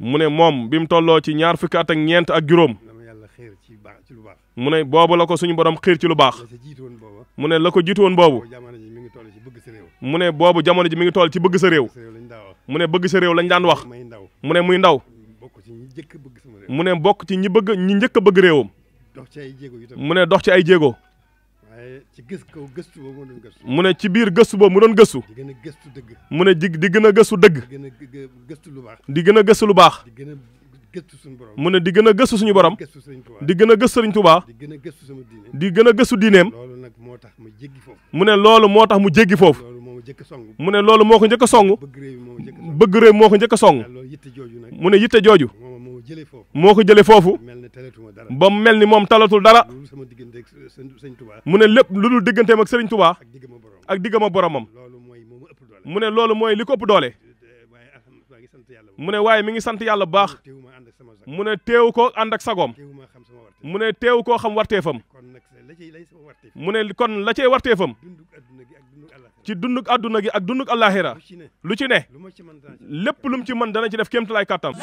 mu ne moom bi mu tolloo ci ñaar fukki at ak ñeent ak juróom mu ne boobu la ko suñu borom xiir ci lu baax mu ne la ko jiitu woon boobu mu boobu jamono ji mi ngi toll ci bëgg sa réew mu ne bëgg sa réew lañ daan wax mu ne muy ndaw mu ne bokk ci ñi bëgg ñi njëkk bëgg réewam mu ne dox ci ay jéego waaye ci gës kaw gëstu boobu mu doon mu ne ci biir gëstu boobu mu doon gëstu. di gën a gëstu dëgg. mu ne di di gën a gëstu dëgg. di gën gëstu lu baax. di gën a gëstu lu baax. di gën a gëstu suñu borom. mu ne di gën a gëstu suñu borom. di gën a gëstu Sëriñ Tuubaa. di gën a gëstu sama diineem. gën a gëstu diineem. loolu nag moo tax mu jéggi foofu. mu ne loolu moo tax mu jéggi foofu. mu ne loolu moo ko njëkk a song bëgg réew moo ko njëkk a song mu ne yitte jooju moo ko jëlee foofu ba mu mel ni moom talatul dara mu ne lépp lu dul digganteem ak Serigne Touba ak diggam ak boromam mu ne loolu mooy li ko ëpp doole mu ne waaye mi ngi sant yàlla bu baax mu ne teew ko ànd ak sagoom mu ne teew koo xam warteefam mu ne kon la cay warteefam ci dunduk àdduna gi ak dunduk àllaaxira lu ci ne lépp lu mu ci man dana ci def kéemtalaay kàttam